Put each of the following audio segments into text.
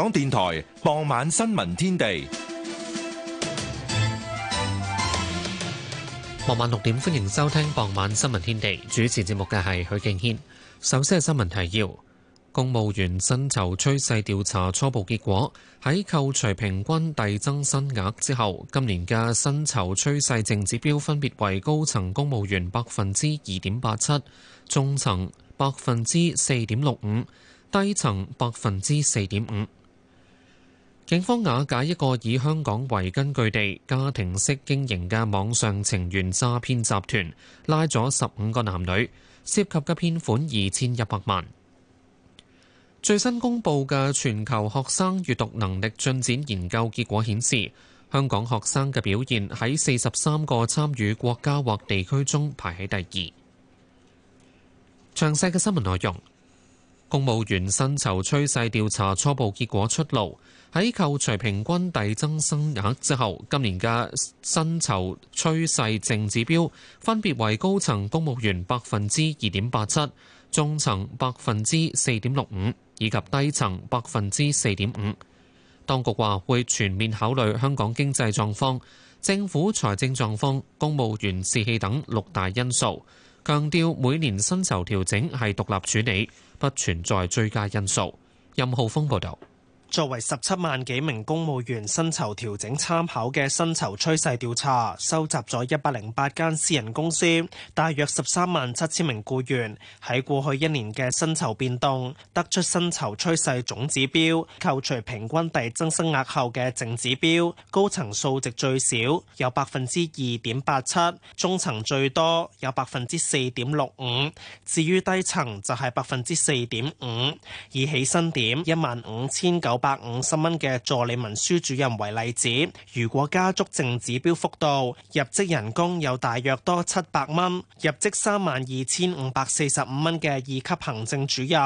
港電台傍晚新聞天地，傍晚六點，歡迎收聽傍晚新聞天地。主持節目嘅係許敬軒。首先係新聞提要：公務員薪酬趨勢調查初步結果，喺扣除平均遞增薪額之後，今年嘅薪酬趨勢淨指標分別為高層公務員百分之二點八七，中層百分之四點六五，低層百分之四點五。警方瓦解一個以香港為根據地、家庭式經營嘅網上情緣詐騙集團，拉咗十五個男女，涉及嘅騙款二千一百萬。最新公布嘅全球學生閱讀能力進展研究結果顯示，香港學生嘅表現喺四十三個參與國家或地區中排喺第二。詳細嘅新聞內容。公務員薪酬趨勢調查初步結果出爐，喺扣除平均遞增薪額之後，今年嘅薪酬趨勢淨指標分別為高層公務員百分之二點八七，中層百分之四點六五，以及低層百分之四點五。當局話會全面考慮香港經濟狀況、政府財政狀況、公務員士氣等六大因素。強調每年薪酬調整係獨立處理，不存在追加因素。任浩峰報導。作為十七萬幾名公務員薪酬調整參考嘅薪酬趨勢調查，收集咗一百零八間私人公司，大約十三萬七千名僱員喺過去一年嘅薪酬變動，得出薪酬趨勢總指標，扣除平均遞增薪額後嘅淨指標，高層數值最少有百分之二點八七，中層最多有百分之四點六五，至於低層就係百分之四點五，而起薪點一萬五千九百五十蚊嘅助理文書主任為例子，如果加足正指標幅度，入職人工有大約多七百蚊；入職三萬二千五百四十五蚊嘅二級行政主任，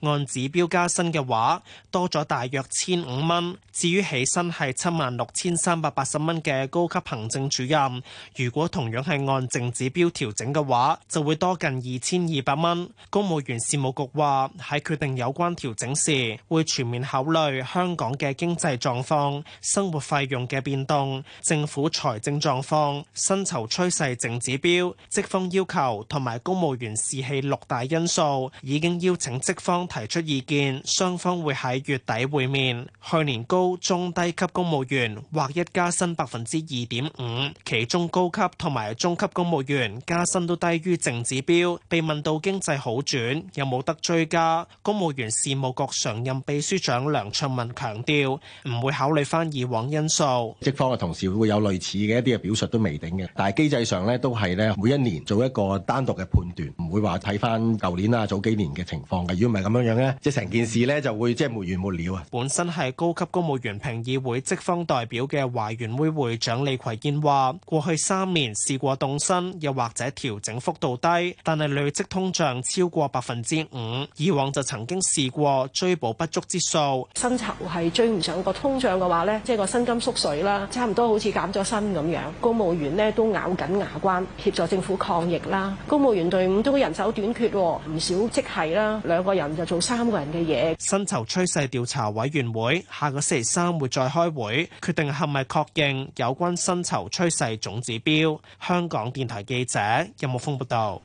按指標加薪嘅話，多咗大約千五蚊。至於起薪係七萬六千三百八十蚊嘅高級行政主任，如果同樣係按正指標調整嘅話，就會多近二千二百蚊。公務員事務局話，喺決定有關調整時，會全面考慮。香港嘅經濟狀況、生活費用嘅變動、政府財政狀況、薪酬趨勢淨指標、職方要求同埋公務員士氣六大因素，已經邀請職方提出意見，雙方會喺月底會面。去年高中低級公務員或一加薪百分之二點五，其中高級同埋中級公務員加薪都低於淨指標。被問到經濟好轉有冇得追加，公務員事務局常任秘書長梁卓民強調唔會考慮翻以往因素，職方嘅同事會有類似嘅一啲嘅表述都未定嘅，但係機制上呢都係每一年做一個單獨嘅判斷，唔會話睇翻舊年啊，早幾年嘅情況嘅。如果唔係咁樣樣呢，即係成件事呢就會即係沒完沒了啊！本身係高級公務員評議會職方代表嘅華員會會長李葵燕話，過去三年試過凍薪，又或者調整幅度低，但係累積通脹超過百分之五，以往就曾經試過追補不足之數，薪酬係追唔上個通脹嘅話咧，即係個薪金縮水啦，差唔多好似減咗薪咁樣。公務員呢都咬緊牙關協助政府抗疫啦。公務員隊伍都人手短缺，唔少即係啦，兩個人就做三個人嘅嘢。薪酬趨勢調查委員會下個星期三會再開會，決定係咪確認有關薪酬趨勢總指標。香港電台記者任木峰報道。有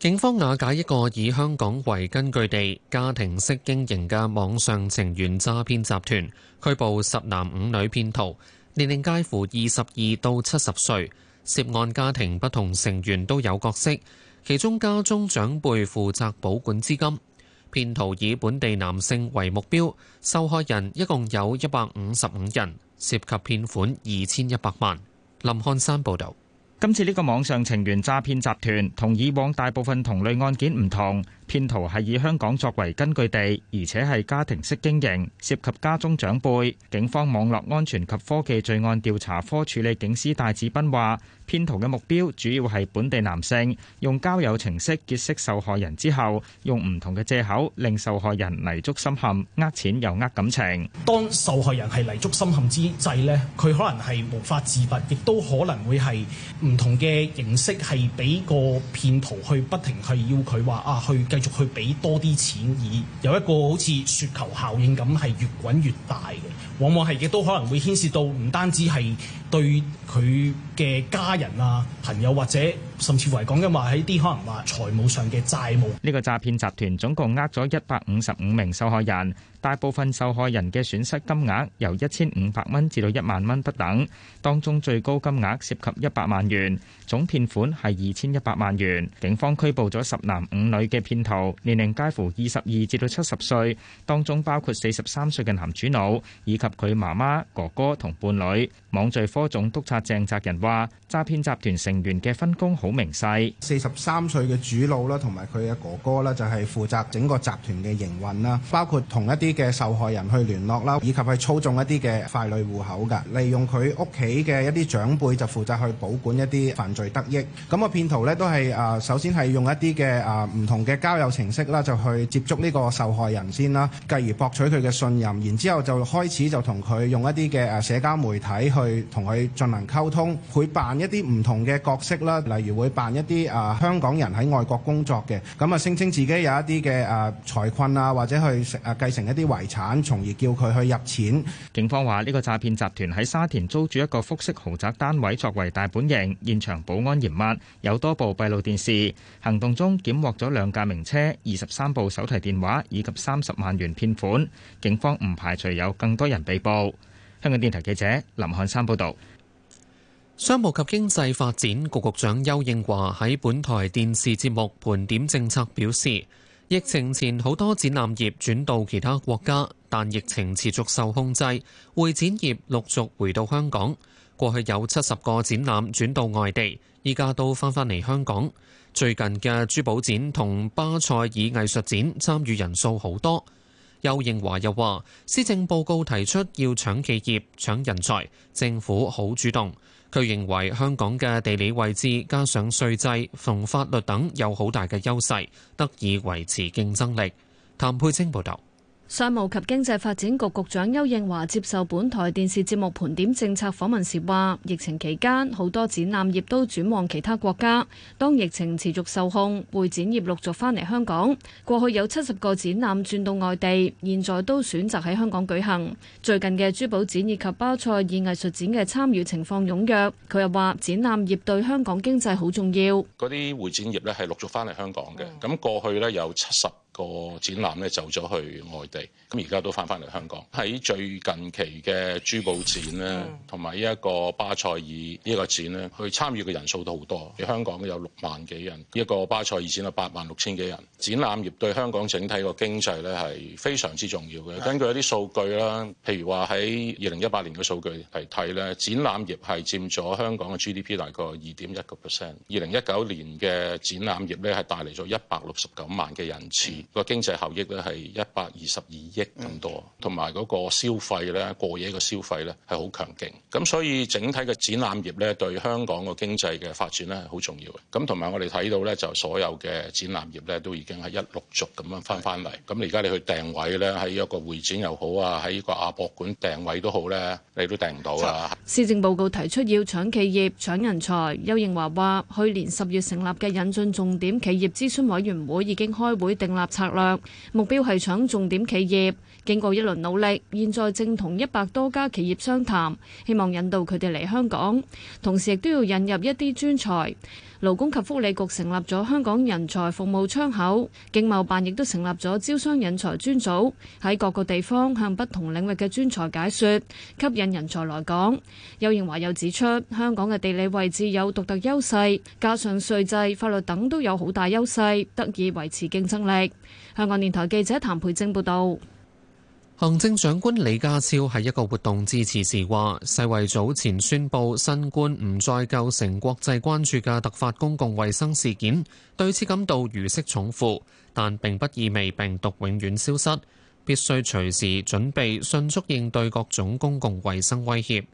警方瓦解一個以香港為根據地、家庭式經營嘅網上情緣詐騙集團，拘捕十男五女騙徒，年齡介乎二十二到七十歲，涉案家庭不同成員都有角色，其中家中長輩負責保管資金。騙徒以本地男性為目標，受害人一共有一百五十五人，涉及騙款二千一百萬。林漢山報道。今次呢個網上情緣詐騙集團，同以往大部分同類案件唔同。騙徒係以香港作為根據地，而且係家庭式經營，涉及家中長輩。警方網絡安全及科技罪案調查科處理警司戴志斌話：騙徒嘅目標主要係本地男性，用交友程式結識受害人之後，用唔同嘅借口令受害人泥足深陷，呃錢又呃感情。當受害人係泥足深陷之際呢，佢可能係無法自拔，亦都可能會係唔同嘅形式係俾個騙徒去不停係要佢話啊佢去。續去俾多啲錢，而有一個好似雪球效應咁，係越滾越大嘅。往往係亦都可能會牽涉到唔單止係對佢嘅家人啊、朋友，或者甚至乎嚟講嘅話喺啲可能話財務上嘅債務。呢、這個詐騙集團總共呃咗一百五十五名受害人。大部分受害人嘅損失金額由一千五百蚊至到一萬蚊不等，當中最高金額涉及一百萬元，總騙款係二千一百萬元。警方拘捕咗十男五女嘅騙徒，年齡介乎二十二至到七十歲，當中包括四十三歲嘅男主腦以及佢媽媽、哥哥同伴侶，網罪科總督察鄭澤仁話，詐騙集團成員嘅分工好明細，四十三歲嘅主腦啦，同埋佢嘅哥哥啦，就係負責整個集團嘅營運啦，包括同一啲。啲嘅受害人去聯絡啦，以及去操縱一啲嘅傀儡戶口噶，利用佢屋企嘅一啲長輩就負責去保管一啲犯罪得益。咁、那、啊、個，騙徒咧都係啊、呃，首先係用一啲嘅啊唔同嘅交友程式啦，就去接觸呢個受害人先啦，繼而博取佢嘅信任，然之後就開始就同佢用一啲嘅誒社交媒體去同佢進行溝通，會扮一啲唔同嘅角色啦，例如會扮一啲啊、呃、香港人喺外國工作嘅，咁啊聲稱自己有一啲嘅誒財困啊，或者去誒、呃、繼承一啲。啲遺產，從而叫佢去入錢。警方話：呢個詐騙集團喺沙田租住一個複式豪宅單位作為大本營，現場保安嚴密，有多部閉路電視。行動中，檢獲咗兩架名車、二十三部手提電話以及三十萬元騙款。警方唔排除有更多人被捕。香港電台記者林漢山報導。商務及經濟發展局局長邱應華喺本台電視節目盤點政策表示。疫情前好多展覽業轉到其他國家，但疫情持續受控制，會展業陸續回到香港。過去有七十個展覽轉到外地，依家都翻返嚟香港。最近嘅珠寶展同巴塞爾藝術展參與人數好多。邱應樺又話，施政報告提出要搶企業、搶人才，政府好主動。佢認為香港嘅地理位置，加上稅制、同法律等有好大嘅優勢，得以維持競爭力。譚佩清報道。商務及經濟發展局局長邱應華接受本台電視節目《盤點政策》訪問時話，疫情期間好多展覽業都轉往其他國家，當疫情持續受控，會展業陸續返嚟香港。過去有七十個展覽轉到外地，現在都選擇喺香港舉行。最近嘅珠寶展以及巴塞爾藝術展嘅參與情況踴躍。佢又話，展覽業對香港經濟好重要。嗰啲會展業咧係陸續返嚟香港嘅，咁過去呢，有七十。那個展覽咧走咗去外地。咁而家都翻翻嚟香港，喺最近期嘅珠寶展咧，同埋呢一個巴塞爾呢個展咧，去參與嘅人數都好多。香港有六萬幾人，呢一個巴塞爾展有八萬六千幾人。展覽業對香港整體個經濟咧係非常之重要嘅。根據一啲數據啦，譬如話，喺二零一八年嘅數據嚟睇咧，展覽業係佔咗香港嘅 GDP 大概二點一個 percent。二零一九年嘅展覽業咧係帶嚟咗一百六十九萬嘅人次，個經濟效益咧係一百二十二億。更多，同埋嗰個消費咧，過夜嘅消費咧係好強勁，咁所以整體嘅展覽業咧對香港嘅經濟嘅發展咧係好重要嘅。咁同埋我哋睇到咧，就所有嘅展覽業咧都已經係一陸續咁樣翻翻嚟。咁而家你去訂位咧，喺一個會展又好啊，喺呢個亞博館訂位都好咧，你都訂唔到啦。施政報告提出要搶企業、搶人才，邱應華話去年十月成立嘅引進重點企業諮詢委員會已經開會訂立策略，目標係搶重點企業。經過一輪努力，現在正同一百多家企業商談，希望引導佢哋嚟香港。同時亦都要引入一啲專才。勞工及福利局成立咗香港人才服務窗口，經貿辦亦都成立咗招商引才專組，喺各個地方向不同領域嘅專才解說，吸引人才來港。丘應樺又指出，香港嘅地理位置有獨特優勢，加上稅制、法律等都有好大優勢，得以維持競爭力。香港電台記者譚培正報道。行政長官李家超喺一個活動致辭時話：世衛早前宣布新冠唔再構成國際關注嘅突發公共衛生事件，對此感到如釋重負，但並不意味病毒永遠消失，必須隨時準備迅速應對各種公共衛生威脅。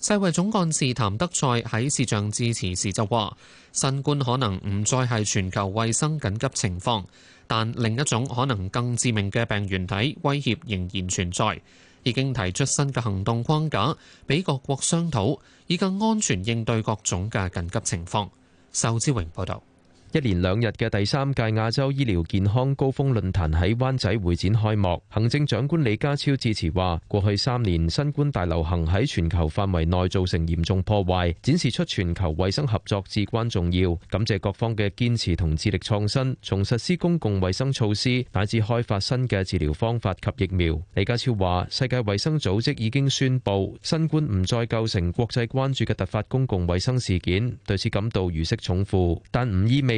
世衛總幹事譚德塞喺視像致辭時就話：新冠可能唔再係全球衛生緊急情況。但另一種可能更致命嘅病原體威脅仍然存在，已經提出新嘅行動框架，俾各國商討，以更安全應對各種嘅緊急情況。仇志榮報導。一連兩日嘅第三屆亞洲醫療健康高峰論壇喺灣仔會展開幕。行政長官李家超致辭話：過去三年，新冠大流行喺全球範圍內造成嚴重破壞，展示出全球衛生合作至關重要。感謝各方嘅堅持同致力創新，從實施公共衛生措施，乃至開發新嘅治療方法及疫苗。李家超話：世界衛生組織已經宣布，新冠唔再構成國際關注嘅突發公共衛生事件，對此感到如釋重負，但唔意味。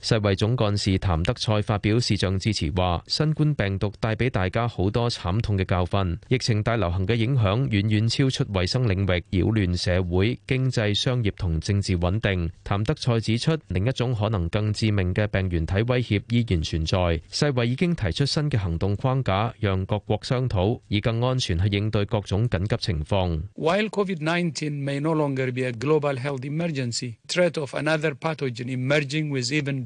世衛總幹事譚德賽發表視像致辭，話：新冠病毒帶俾大家好多慘痛嘅教訓，疫情大流行嘅影響遠遠超出衛生領域，擾亂社會、經濟、商業同政治穩定。譚德賽指出，另一種可能更致命嘅病原體威脅依然存在。世衛已經提出新嘅行動框架，讓各國商討，以更安全去應對各種緊急情況。While COVID-19 may no longer be a global health emergency, threat of another pathogen emerging with even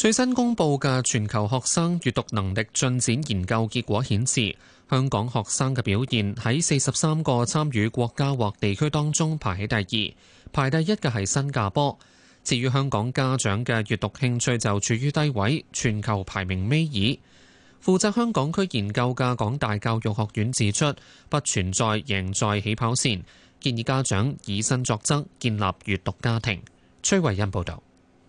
最新公布嘅全球學生閱讀能力進展研究結果顯示，香港學生嘅表現喺四十三個參與國家或地區當中排喺第二，排第一嘅係新加坡。至於香港家長嘅閱讀興趣就處於低位，全球排名尾二。負責香港區研究嘅港大教育學院指出，不存在贏在起跑線，建議家長以身作則建立閱讀家庭。崔慧欣報道。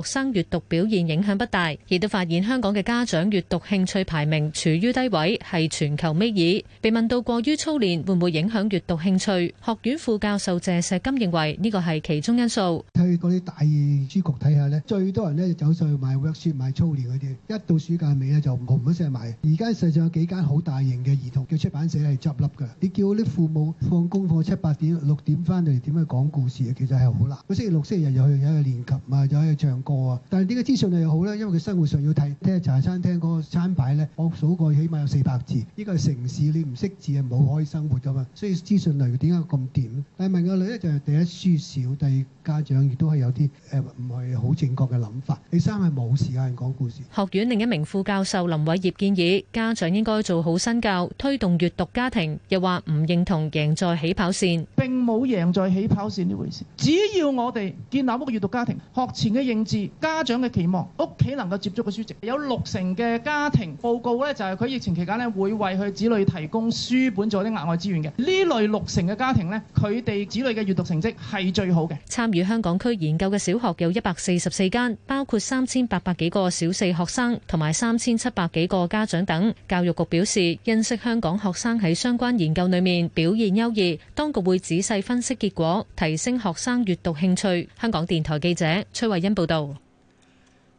學生閱讀表現影響不大，亦都發現香港嘅家長閱讀興趣排名處於低位，係全球尾二。被問到過於操練會唔會影響閱讀興趣，學院副教授謝錫金認為呢、呢個係其中因素。睇嗰啲大書局睇下呢，最多人呢就走上去買 worksheet 買操練嗰啲，一到暑假尾呢，就紅一聲買。而家世界上有幾間好大型嘅兒童嘅出版社係執笠噶，你叫啲父母放工放七八點六點翻嚟，點去講故事啊？其實係好難。星期六、星期日又有又去練琴啊，又去唱。個啊，但係點解資訊量又好咧？因為佢生活上要睇聽茶餐廳嗰個餐牌咧，我數過起碼有四百字。呢個係城市，你唔識字係冇可以生活噶嘛。所以資訊量點解咁點？但係問個女咧，就係第一書少，第二家長亦都係有啲誒唔係好正確嘅諗法。第三係冇時間講故事。學院另一名副教授林偉業建議家長應該做好身教，推動閱讀家庭。又話唔認同贏在起跑線。並冇贏在起跑線呢回事。只要我哋建立一個閱讀家庭，學前嘅認字。家長嘅期望，屋企能夠接觸嘅書籍，有六成嘅家庭報告咧，就係佢疫情期間咧會為佢子女提供書本做啲額外資源嘅。呢類六成嘅家庭咧，佢哋子女嘅閱讀成績係最好嘅。參與香港區研究嘅小學有一百四十四間，包括三千八百幾個小四學生同埋三千七百幾個家長等。教育局表示，欣賞香港學生喺相關研究裏面表現優異，當局會仔細分析結果，提升學生閱讀興趣。香港電台記者崔慧欣報道。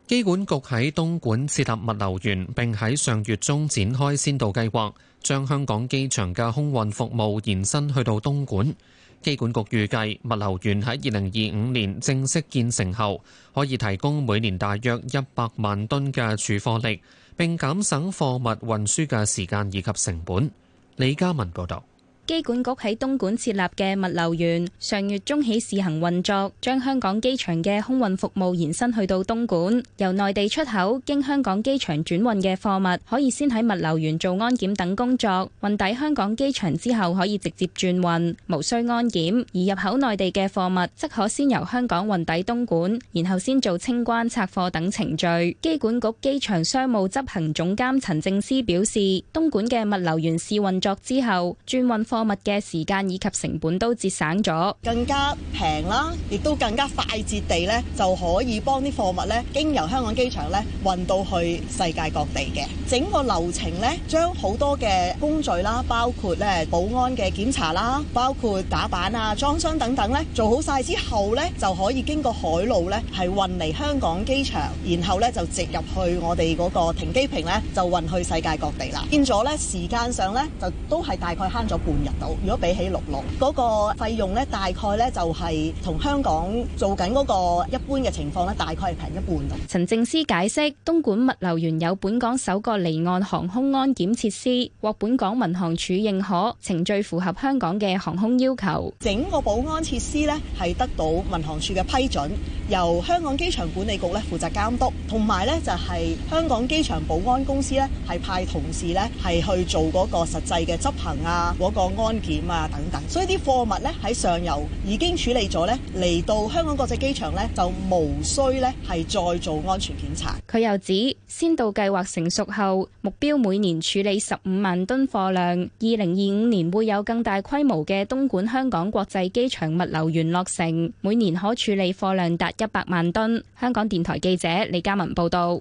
機管局喺東莞設立物流園，並喺上月中展開先導計劃，將香港機場嘅空運服務延伸去到東莞。機管局預計，物流園喺二零二五年正式建成後，可以提供每年大約一百萬噸嘅儲貨力，並減省貨物運輸嘅時間以及成本。李嘉文報道。機管局喺東莞設立嘅物流園，上月中起試行運作，將香港機場嘅空運服務延伸去到東莞。由內地出口經香港機場轉運嘅貨物，可以先喺物流園做安檢等工作，運抵香港機場之後可以直接轉運，無需安檢；而入口內地嘅貨物，則可先由香港運抵東莞，然後先做清關拆貨等程序。機管局機場商務執行總監陳正思表示，東莞嘅物流園試運作之後，轉運貨。貨物嘅時間以及成本都節省咗，更加平啦，亦都更加快捷地咧，就可以幫啲貨物咧經由香港機場咧運到去世界各地嘅。整個流程咧，將好多嘅工序啦，包括咧保安嘅檢查啦，包括打板啊、裝箱等等咧，做好晒之後咧，就可以經過海路咧係運嚟香港機場，然後咧就直入去我哋嗰個停機坪咧，就運去世界各地啦。變咗咧，時間上咧就都係大概慳咗半日。如果比起六六嗰個費用咧，大概咧就係同香港做緊嗰個一般嘅情況咧，大概係平一半度。陳政思解釋，東莞物流園有本港首個離岸航空安檢設施，獲本港民航處認可，程序符合香港嘅航空要求。整個保安設施呢，係得到民航處嘅批准。由香港機場管理局咧負責監督，同埋咧就係香港機場保安公司咧係派同事咧係去做嗰個實際嘅執行啊，嗰個安檢啊等等。所以啲貨物咧喺上游已經處理咗咧，嚟到香港國際機場咧就無需咧係再做安全檢查。佢又指，先導計劃成熟後，目標每年處理十五萬噸貨量。二零二五年會有更大規模嘅東莞香港國際機場物流園落成，每年可處理貨量達一百萬噸。香港電台記者李嘉文報道，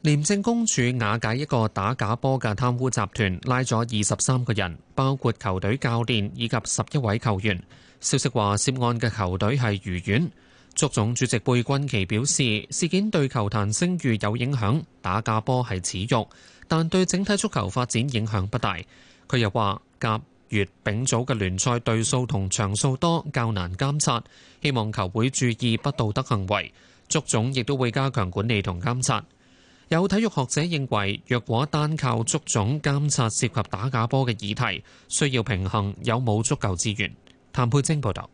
廉政公署瓦解一個打假波嘅貪污集團，拉咗二十三個人，包括球隊教練以及十一位球員。消息話涉案嘅球隊係愉園。足總主席貝君奇表示，事件對球壇聲譽有影響，打假波係恥辱，但對整體足球發展影響不大。佢又話夾。月丙組嘅聯賽對數同場數多，較難監察。希望球會注意不道德行為，足總亦都會加強管理同監察。有體育學者認為，若果單靠足總監察涉及打假波嘅議題，需要平衡有冇足夠資源。譚佩晶報道。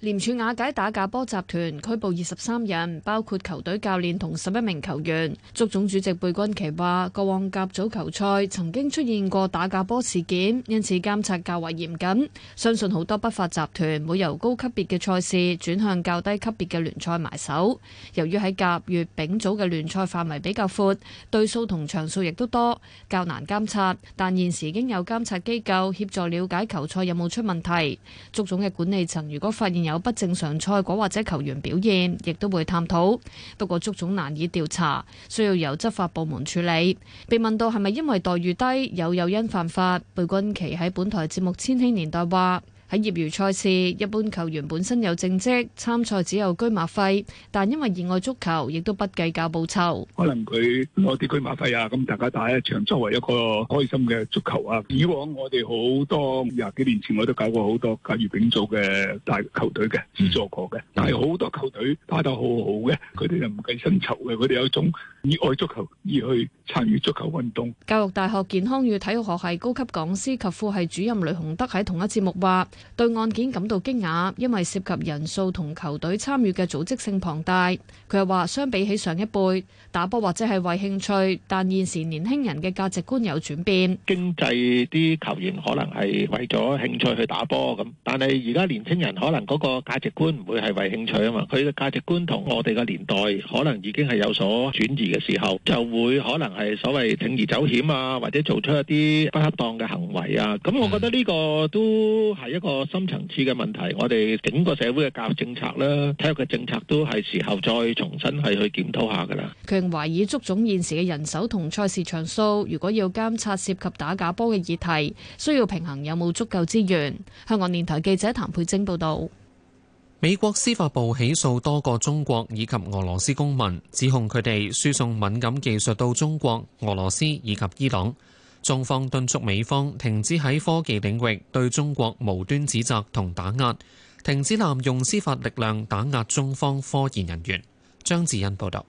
廉署瓦解打假波集團，拘捕二十三人，包括球隊教練同十一名球員，足總主席貝君奇話過往甲組球賽曾經出現過打假波事件，因此監察較為嚴謹，相信好多不法集團會由高級別嘅賽事轉向較低級別嘅聯賽埋手。由於喺甲、乙、丙組嘅聯賽範圍比較闊，隊數同場數亦都多，較難監察。但現時已經有監察機構協助了解球賽有冇出問題，足總嘅管理層如果發現。有不正常賽果或者球員表現，亦都會探討。不過，足總難以調查，需要由執法部門處理。被問到係咪因為待遇低有誘因犯法，貝君奇喺本台節目《千禧年代》話。喺業餘賽事，一般球員本身有正職，參賽只有車馬費。但因為熱愛足球，亦都不計較報酬。可能佢攞啲車馬費啊，咁大家打一場，作為一個開心嘅足球啊。以往我哋好多廿幾年前，我都搞過好多甲乙丙組嘅大球隊嘅資助過嘅，但係好多球隊打得好好嘅，佢哋就唔計薪酬嘅。佢哋有一種熱愛足球而去參與足球運動。教育大學健康與體育學系高級講師及副系主任雷洪德喺同一節目話。對案件感到驚訝，因為涉及人數同球隊參與嘅組織性龐大。佢又話相比起上一輩打波或者係為興趣，但現時年輕人嘅價值觀有轉變。經濟啲球員可能係為咗興趣去打波咁，但係而家年輕人可能嗰個價值觀唔會係為興趣啊嘛。佢嘅價值觀同我哋嘅年代可能已經係有所轉移嘅時候，就會可能係所謂鋌而走險啊，或者做出一啲不恰當嘅行為啊。咁我覺得呢個都係一個。個深層次嘅問題，我哋整個社會嘅教育政策啦，體育嘅政策都係時候再重新係去檢討下噶啦。佢懷疑足總現時嘅人手同賽事場數，如果要監察涉及打假波嘅議題，需要平衡有冇足夠資源。香港電台記者譚佩晶報道。美國司法部起訴多個中國以及俄羅斯公民，指控佢哋輸送敏感技術到中國、俄羅斯以及伊朗。中方敦促美方停止喺科技領域對中國無端指責同打壓，停止濫用司法力量打壓中方科研人員。張智欣報道，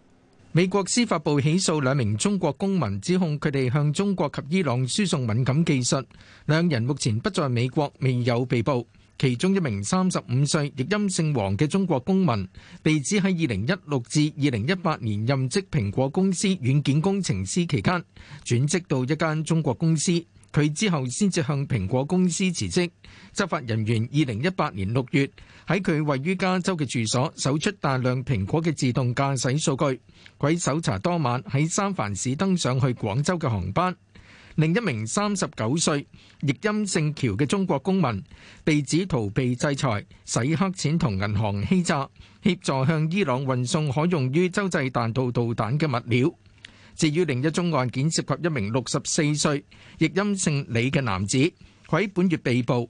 美國司法部起訴兩名中國公民，指控佢哋向中國及伊朗輸送敏感技術，兩人目前不在美國，未有被捕。其中一名三十五歲、譯音姓黃嘅中國公民，被指喺二零一六至二零一八年任職蘋果公司軟件工程師期間轉職到一間中國公司，佢之後先至向蘋果公司辭職。執法人員二零一八年六月喺佢位於加州嘅住所搜出大量蘋果嘅自動駕駛數據，佢搜查當晚喺三藩市登上去廣州嘅航班。另一名三十九歲，譯音姓喬嘅中國公民，被指逃避制裁、洗黑錢同銀行欺詐，協助向伊朗運送可用於洲際彈道導彈嘅物料。至於另一宗案件涉及一名六十四歲，譯音姓李嘅男子，佢喺本月被捕。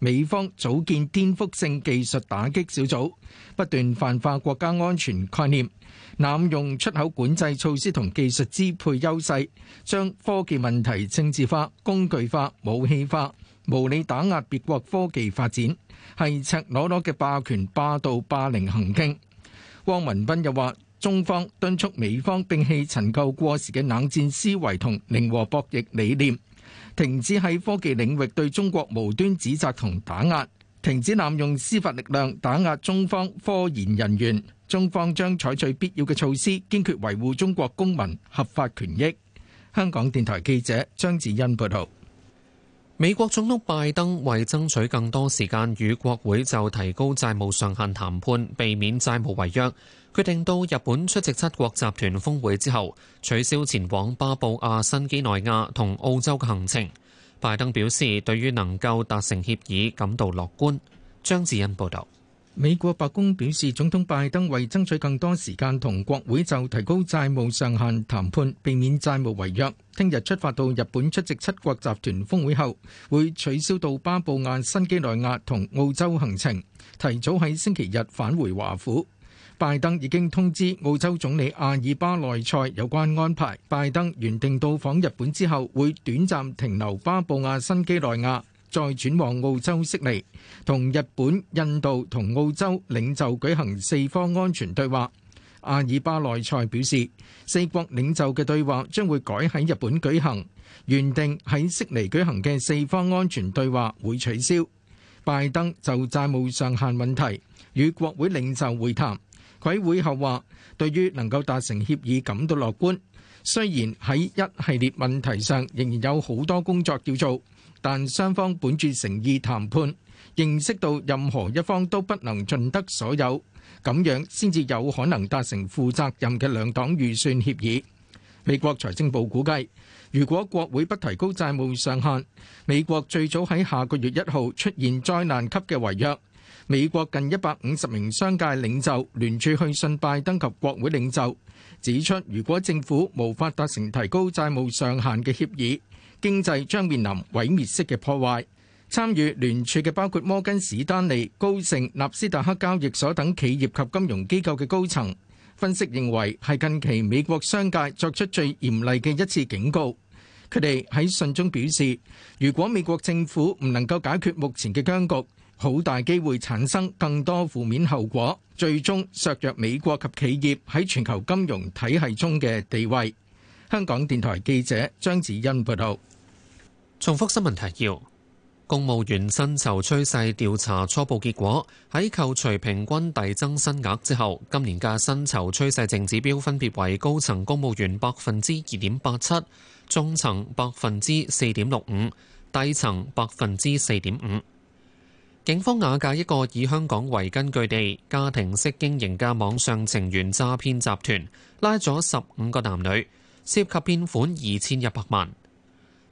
美方組建顛覆性技術打擊小組，不斷泛化國家安全概念，濫用出口管制措施同技術支配優勢，將科技問題政治化、工具化、武器化，無理打壓別國科技發展，係赤裸裸嘅霸權、霸道、霸凌行徑。汪文斌又話，中方敦促美方摒棄陳舊過時嘅冷戰思維同零和博弈理念。停止喺科技領域對中國無端指責同打壓，停止濫用司法力量打壓中方科研人員，中方將採取必要嘅措施，堅決維護中國公民合法權益。香港電台記者張志恩報導。美國總統拜登為爭取更多時間與國會就提高債務上限談判，避免債務違約，決定到日本出席七國集團峰會之後取消前往巴布亞新幾內亞同澳洲嘅行程。拜登表示，對於能夠達成協議感到樂觀。張智恩報道。美國白宮表示，總統拜登為爭取更多時間同國會就提高債務上限談判，避免債務違約。聽日出發到日本出席七國集團峰會後，會取消到巴布亞新幾內亞同澳洲行程，提早喺星期日返回華府。拜登已經通知澳洲總理阿爾巴內塞有關安排。拜登原定到訪日本之後，會短暫停留巴布亞新幾內亞。再轉往澳洲悉尼，同日本、印度同澳洲領袖舉行四方安全對話。阿爾巴內塞表示，四國領袖嘅對話將會改喺日本舉行，原定喺悉尼舉行嘅四方安全對話會取消。拜登就債務上限問題與國會領袖會談，佢會後話對於能夠達成協議感到樂觀，雖然喺一系列問題上仍然有好多工作要做。但雙方本着誠意談判，認識到任何一方都不能盡得所有，咁樣先至有可能達成負責任嘅兩黨預算協議。美國財政部估計，如果國會不提高債務上限，美國最早喺下個月一號出現災難級嘅違約。美國近一百五十名商界領袖聯署去信拜登及國會領袖，指出如果政府無法達成提高債務上限嘅協議，經濟將面臨毀滅式嘅破壞。參與聯署嘅包括摩根士丹利、高盛、納斯達克交易所等企業及金融機構嘅高層，分析認為，係近期美國商界作出最嚴厲嘅一次警告。佢哋喺信中表示，如果美國政府唔能夠解決目前嘅僵局，好大機會產生更多負面後果，最終削弱美國及企業喺全球金融體系中嘅地位。香港電台記者張子欣報道，重複新聞提要：公務員薪酬趨勢調查初步結果，喺扣除平均遞增薪額之後，今年嘅薪酬趨勢淨指標分別為高層公務員百分之二點八七，中層百分之四點六五，低層百分之四點五。警方瓦解一個以香港為根據地、家庭式經營嘅網上情緣詐騙集團，拉咗十五個男女。涉及騙款二千一百萬。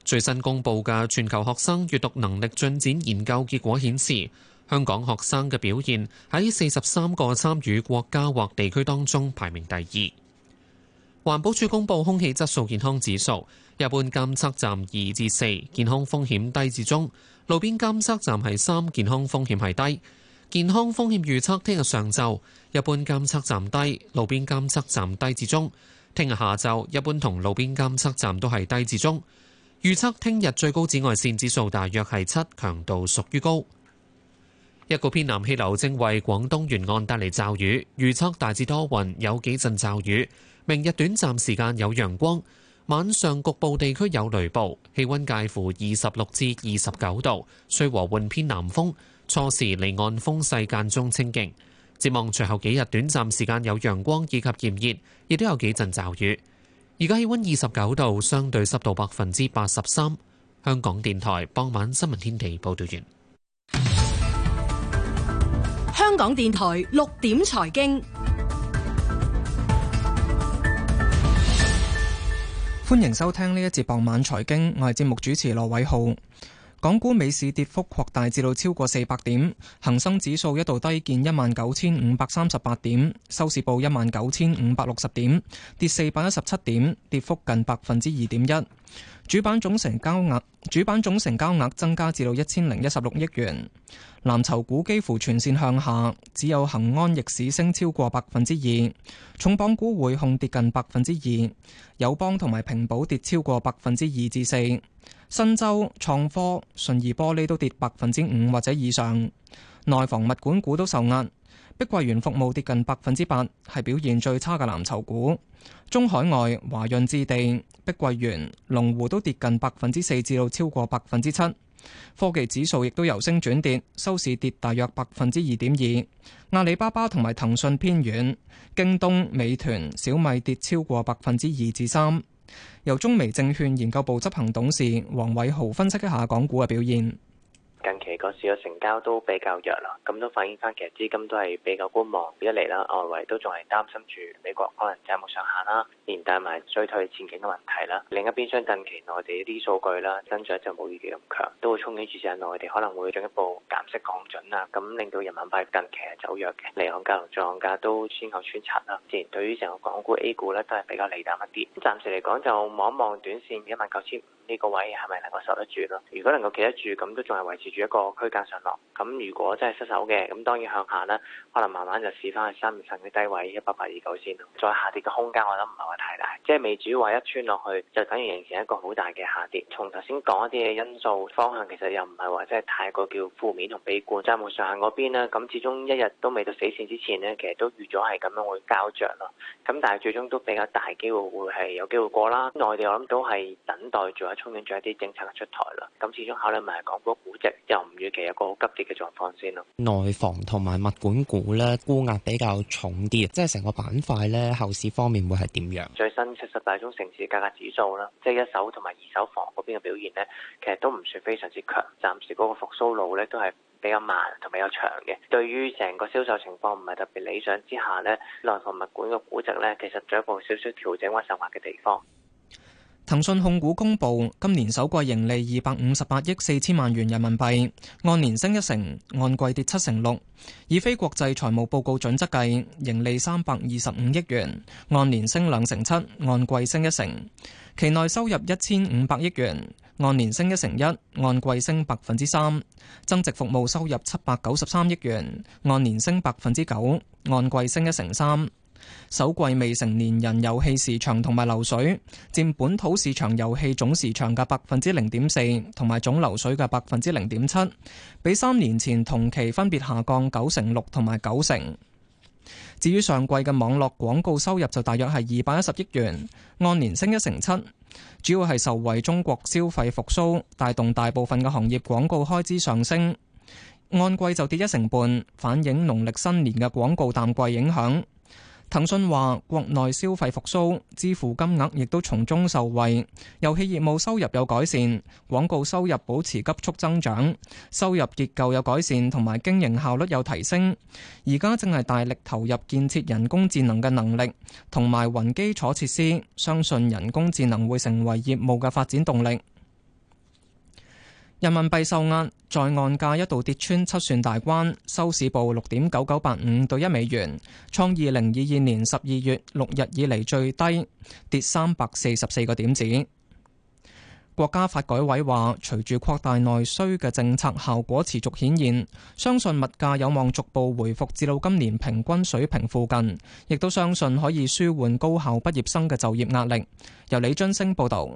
最新公布嘅全球學生閱讀能力進展研究結果顯示，香港學生嘅表現喺四十三個參與國家或地區當中排名第二。環保署公布空氣質素健康指數，一般監測站二至四，健康風險低至中；路邊監測站係三，健康風險係低。健康風險預測聽日上晝，一般監測站低，路邊監測站低至中。聽日下晝，一般同路邊監測站都係低至中。預測聽日最高紫外線指數大約係七，強度屬於高。一個偏南氣流正為廣東沿岸帶嚟驟雨，預測大致多雲，有幾陣驟雨。明日短暫時間有陽光，晚上局部地區有雷暴。氣溫介乎二十六至二十九度，吹和緩偏南風，初時離岸風勢間中清勁。展望隨後幾日短暫時間有陽光以及炎熱，亦都有幾陣驟雨。而家氣溫二十九度，相對濕度百分之八十三。香港電台傍晚新聞天地報道完。香港電台六點財經，歡迎收聽呢一節傍晚財經，我係節目主持羅偉浩。港股美市跌幅擴大，至到超過四百點。恒生指數一度低見一萬九千五百三十八點，收市報一萬九千五百六十點，跌四百一十七點，跌幅近百分之二點一。主板總成交額，主板總成交額增加至到一千零一十六億元。藍籌股幾乎全線向下，只有恒安逆市升超過百分之二。重磅股匯控跌近百分之二，友邦同埋平保跌超過百分之二至四。申洲、創科、信義玻璃都跌百分之五或者以上，內房物管股都受壓，碧桂園服務跌近百分之八，係表現最差嘅藍籌股。中海外、華潤置地、碧桂園、龍湖都跌近百分之四至到超過百分之七。科技指數亦都由升轉跌，收市跌大約百分之二點二。阿里巴巴同埋騰訊偏軟，京東、美團、小米跌超過百分之二至三。由中微證券研究部執行董事黃偉豪分析一下港股嘅表現。近期個市嘅成交都比較弱啦，咁都反映翻其實資金都係比較觀望，比一嚟啦，外圍都仲係擔心住美國可能債務上限啦，連帶埋衰退前景嘅問題啦。另一邊廂近期內地啲數據啦，增長就冇預期咁強，都會憧憬住成內地可能會進一步減息降準啦，咁令到人民幣近期係走弱嘅，離岸價同在岸價都先後穿七啦。自然，對於成個港股 A 股咧都係比較利淡一啲。暫時嚟講就望一望短線一萬九千。呢個位係咪能夠守得住咯？如果能夠企得住，咁都仲係維持住一個區間上落。咁如果真係失手嘅，咁當然向下咧，可能慢慢就試翻去三月份嘅低位一百八二九先。再下跌嘅空間，我諗唔係話太大，即係未至於話一穿落去，就等於形成一個好大嘅下跌。從頭先講一啲嘅因素方向，其實又唔係話即係太過叫負面同悲觀。即係冇上限嗰邊咧，咁始終一日都未到死線之前呢，其實都預咗係咁樣會膠着咯。咁但係最終都比較大機會會係有機會過啦。內地我諗都係等待住憧憬咗一啲政策嘅出台啦，咁始終考慮埋港股估值又唔預期一個好急跌嘅狀況先咯。內房同埋物管股咧，沽壓比較重啲，即係成個板塊咧，後市方面會係點樣？最新七十大中城市價格指數啦，即係一手同埋二手房嗰邊嘅表現咧，其實都唔算非常之強，暫時嗰個復甦路咧都係比較慢同埋比較長嘅。對於成個銷售情況唔係特別理想之下咧，內房物管嘅估值咧，其實仲有一部少少調整或受下滑嘅地方。騰訊控股公佈今年首季盈利二百五十八億四千萬元人民幣，按年升一成，按季跌七成六。以非國際財務報告準則計，盈利三百二十五億元，按年升兩成七，按季升一成。期內收入一千五百億元，按年升一成一，按季升百分之三。增值服務收入七百九十三億元，按年升百分之九，按季升一成三。首季未成年人遊戲時長同埋流水佔本土市場遊戲總時長嘅百分之零點四，同埋總流水嘅百分之零點七，比三年前同期分別下降九成六同埋九成。至於上季嘅網絡廣告收入就大約係二百一十億元，按年升一成七，主要係受惠中國消費復甦帶動，大部分嘅行業廣告開支上升。按季就跌一成半，反映農曆新年嘅廣告淡季影響。騰訊話，國內消費復甦，支付金額亦都從中受惠，遊戲業務收入有改善，廣告收入保持急速增長，收入結構有改善，同埋經營效率有提升。而家正係大力投入建設人工智能嘅能力，同埋雲基礎設施，相信人工智能會成為業務嘅發展動力。人民幣受壓，在岸價一度跌穿七算大關，收市報六點九九八五到一美元，創二零二二年十二月六日以嚟最低，跌三百四十四個點子。國家發改委話，隨住擴大內需嘅政策效果持續顯現，相信物價有望逐步回復至到今年平均水平附近，亦都相信可以舒緩高校畢業生嘅就業壓力。由李津升報道。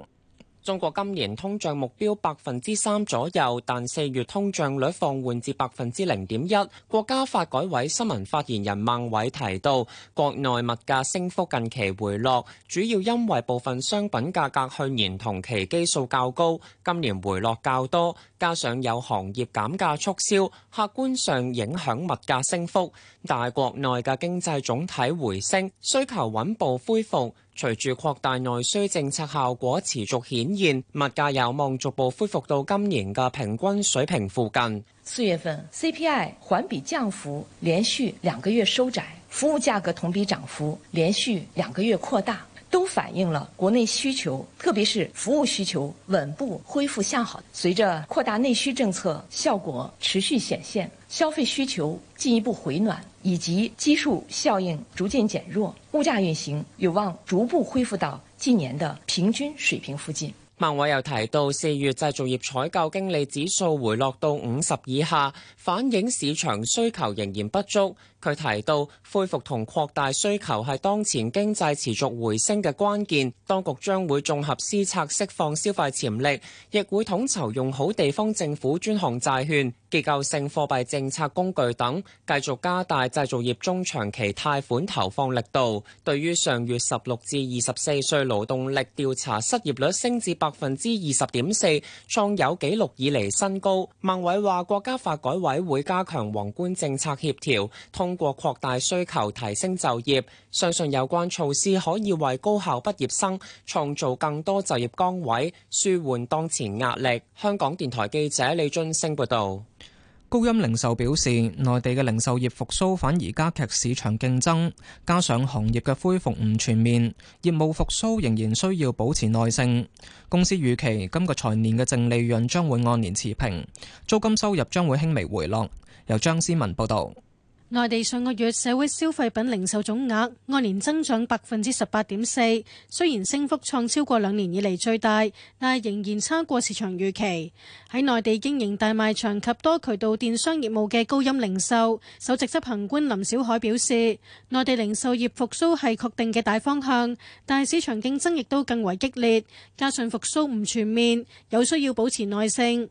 中國今年通脹目標百分之三左右，但四月通脹率放緩至百分之零點一。國家發改委新聞發言人孟偉提到，國內物價升幅近期回落，主要因為部分商品價格去年同期基數較高，今年回落較多，加上有行業減價促銷，客觀上影響物價升幅。但國內嘅經濟總體回升，需求穩步恢復。隨住擴大內需政策效果持續顯現，物價有望逐步恢復到今年嘅平均水平附近。四月份 CPI 環比降幅連續兩個月收窄，服務價格同比漲幅連續兩個月擴大，都反映了國內需求，特別是服務需求穩步恢復向好。隨着擴大內需政策效果持續顯現，消費需求進一步回暖，以及基數效應逐漸減弱，物價運行有望逐步恢復到近年的平均水平附近。孟偉又提到，四月製造業採購經理指數回落到五十以下，反映市場需求仍然不足。佢提到，恢復同擴大需求係當前經濟持續回升嘅關鍵，當局將會綜合施策釋放消費潛力，亦會統籌用好地方政府專項債券、結構性貨幣政策工具等，繼續加大製造業中長期貸款投放力度。對於上月十六至二十四歲勞動力調查失業率升至，百分之二十點四，創有紀錄以嚟新高。孟偉話國家發改委會加強宏觀政策協調，通過擴大需求提升就業，相信有關措施可以為高校畢業生創造更多就業崗位，舒緩當前壓力。香港電台記者李俊升報道。高鑫零售表示，內地嘅零售業復甦反而加劇市場競爭，加上行業嘅恢復唔全面，業務復甦仍然需要保持耐性。公司預期今個財年嘅淨利潤將會按年持平，租金收入將會輕微回落。由張思文報導。內地上個月社會消費品零售總額按年增長百分之十八點四，雖然升幅創超過兩年以嚟最大，但仍然差過市場預期。喺內地經營大賣場及多渠道電商業務嘅高鑫零售首席執行官林小海表示，內地零售業復甦係確定嘅大方向，但市場競爭亦都更為激烈，加上復甦唔全面，有需要保持耐性。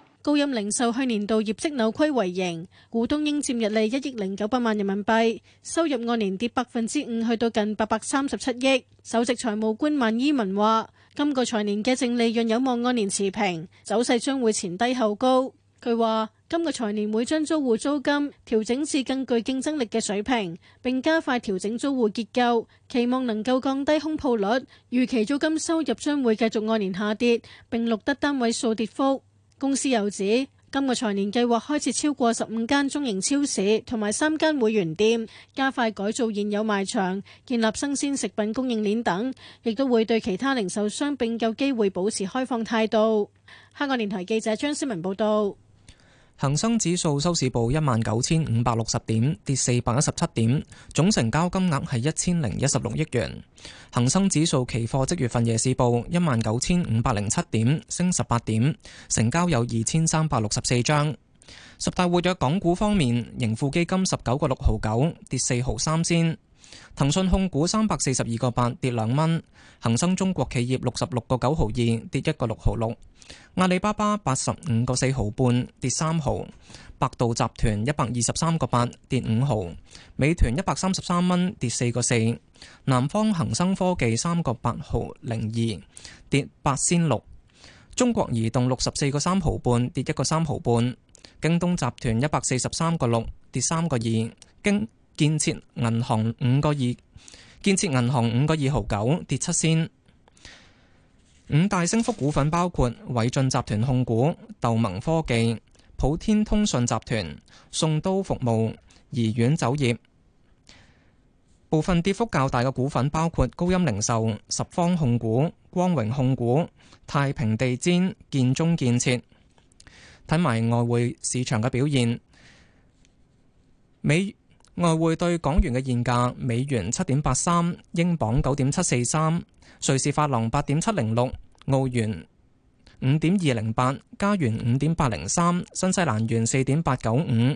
高鑫零售去年度業績扭虧為盈，股東應佔溢利一億零九百萬人民幣，收入按年跌百分之五，去到近八百三十七億。首席財務官萬伊文話：今個財年嘅淨利潤有望按年持平，走勢將會前低後高。佢話今個財年會將租戶租金調整至更具競爭力嘅水平，並加快調整租戶結構，期望能夠降低空鋪率。預期租金收入將會繼續按年下跌，並錄得單位數跌幅。公司又指，今個財年計劃開設超過十五間中型超市，同埋三間會員店，加快改造現有賣場，建立新鮮食品供應鏈等，亦都會對其他零售商併購機會保持開放態度。香港電台記者張思文報道。恒生指數收市報一萬九千五百六十點，跌四百一十七點，總成交金額係一千零一十六億元。恒生指數期貨即月份夜市報一萬九千五百零七點，升十八點，成交有二千三百六十四張。十大活躍港股方面，盈富基金十九個六毫九，跌四毫三仙。騰訊控股三百四十二個八跌兩蚊，恒生中國企業六十六個九毫二跌一個六毫六，阿里巴巴八十五個四毫半跌三毫，百度集團一百二十三個八跌五毫，美團一百三十三蚊跌四個四，南方恒生科技三個八毫零二跌八仙六，中國移動六十四個三毫半跌一個三毫半，京東集團一百四十三個六跌三個二，京。建設銀行五個二，建設銀行五個二毫九，跌七仙。五大升幅股份包括偉進集團控股、豆盟科技、普天通訊集團、宋都服務、怡苑酒業。部分跌幅較大嘅股份包括高鑫零售、十方控股、光榮控股、太平地氈、建中建設。睇埋外匯市場嘅表現，美。外匯對港元嘅現價：美元七點八三，英鎊九點七四三，瑞士法郎八點七零六，澳元五點二零八，加元五點八零三，新西蘭元四點八九五，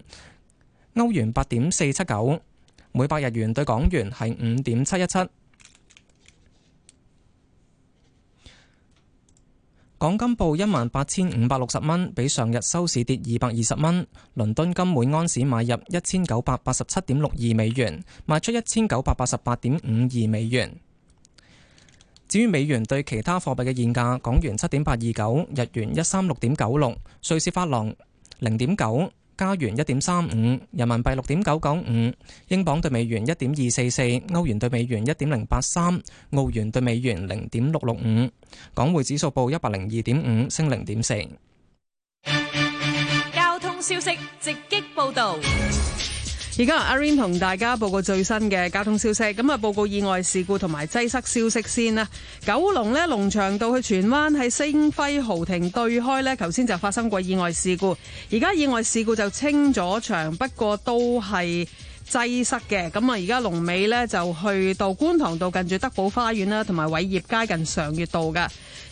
歐元八點四七九，每百日元對港元係五點七一七。港金報一萬八千五百六十蚊，比上日收市跌二百二十蚊。倫敦金每安士買入一千九百八十七點六二美元，賣出一千九百八十八點五二美元。至於美元對其他貨幣嘅現價，港元七點八二九，日元一三六點九六，瑞士法郎零點九。加元1.35，人民幣6.995，英鎊對美元1.244，歐元對美元1.083，澳元對美元0.665，港匯指數報102.5，升0.4。交通消息直擊報導。而家阿 Rain 同大家報告最新嘅交通消息，咁啊，報告意外事故同埋擠塞消息先啦。九龍呢，龍翔道去荃灣喺星輝豪庭對開呢，頭先就發生過意外事故，而家意外事故就清咗場，不過都係擠塞嘅。咁啊，而家龍尾呢，就去到觀塘道近住德寶花園啦，同埋偉業街近上月道㗎。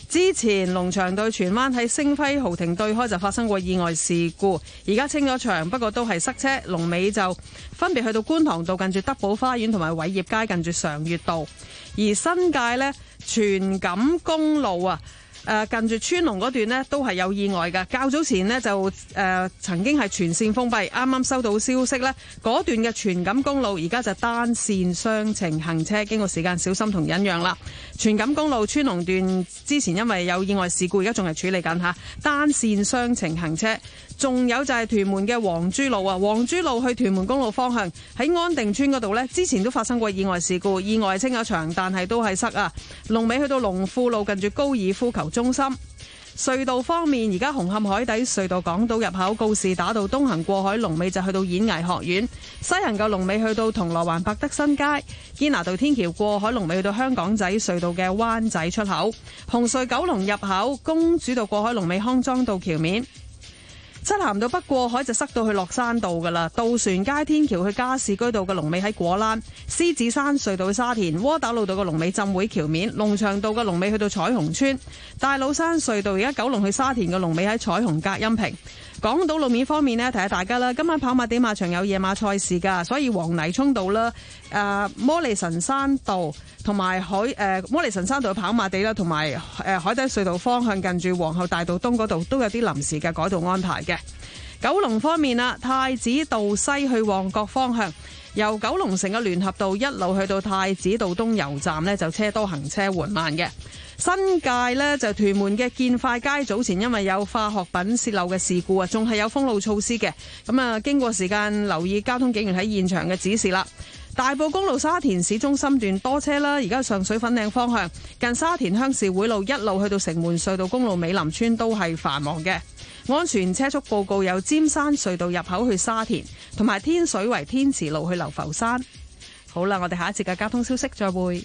之前龍翔對荃灣喺星輝豪庭對開就發生過意外事故，而家清咗場，不過都係塞車。龍尾就分別去到觀塘道近住德寶花園，同埋偉業街近住常悅道，而新界呢，荃錦公路啊。誒，近住川龍嗰段呢都係有意外嘅。較早前呢，就、呃、誒曾經係全線封閉，啱啱收到消息呢，嗰段嘅荃錦公路而家就單線雙程行車，經過時間小心同忍讓啦。荃錦公路川龍段之前因為有意外事故，而家仲係處理緊吓，單線雙程行車。仲有就係屯門嘅黃珠路啊，黃珠路去屯門公路方向喺安定村嗰度呢，之前都發生過意外事故，意外清咗場，但係都係塞啊。龍尾去到龍富路，近住高爾夫球中心。隧道方面，而家紅磡海底隧道港島入口告示打到東行過海龍尾，就去到演藝學院。西行嘅龍尾去到銅鑼灣百德新街，堅拿道天橋過海龍尾去到香港仔隧道嘅灣仔出口。紅隧九龍入口，公主道過海龍尾康莊道橋面。七行到北過海，就塞到去落山道噶啦，渡船街天橋去加士居道嘅龍尾喺果欄；獅子山隧道去沙田窩打老道嘅龍尾浸會橋面，龍翔道嘅龍尾去到彩虹村；大老山隧道而家九龍去沙田嘅龍尾喺彩虹隔音屏。港島路面方面呢，提下大家啦。今晚跑馬地馬場有夜馬賽事噶，所以黃泥涌道啦、啊、摩利臣山道同埋海誒、啊、摩利臣山道跑馬地啦，同埋、啊、海底隧道方向近住皇后大道東嗰度都有啲臨時嘅改道安排嘅。九龍方面啊，太子道西去旺角方向，由九龍城嘅聯合道一路去到太子道東油站呢，就車多行車緩慢嘅。新界呢，就屯門嘅建快街，早前因為有化學品泄漏嘅事故啊，仲係有封路措施嘅。咁啊，經過時間留意交通警員喺現場嘅指示啦。大埔公路沙田市中心段多車啦，而家上水粉嶺方向近沙田鄉事會路一路去到城門隧道公路美林村都係繁忙嘅。安全車速報告有尖山隧道入口去沙田，同埋天水圍天慈路去流浮山。好啦，我哋下一節嘅交通消息再會。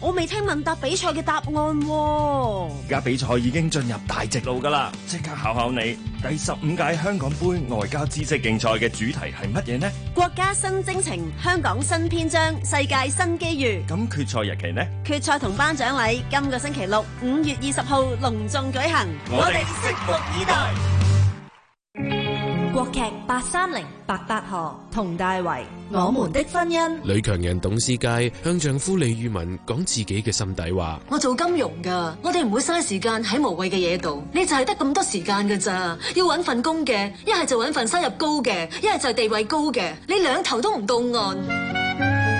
我未聽問答比賽嘅答案喎。而家比賽已經進入大直路㗎喇，即刻考考你。第十五屆香港杯外交知識競賽嘅主題係乜嘢呢？國家新征程，香港新篇章，世界新機遇。咁決賽日期呢？決賽同頒獎禮今個星期六五月二十號隆重舉行，我哋拭目以待。國劇八三零，白百何、佟大為，《我們的婚姻》女強人董思佳向丈夫李宇文講自己嘅心底話：我做金融噶，我哋唔會嘥時間喺無謂嘅嘢度，你就係得咁多時間噶咋，要搵份工嘅，一係就搵份收入高嘅，一係就地位高嘅，你兩頭都唔到岸。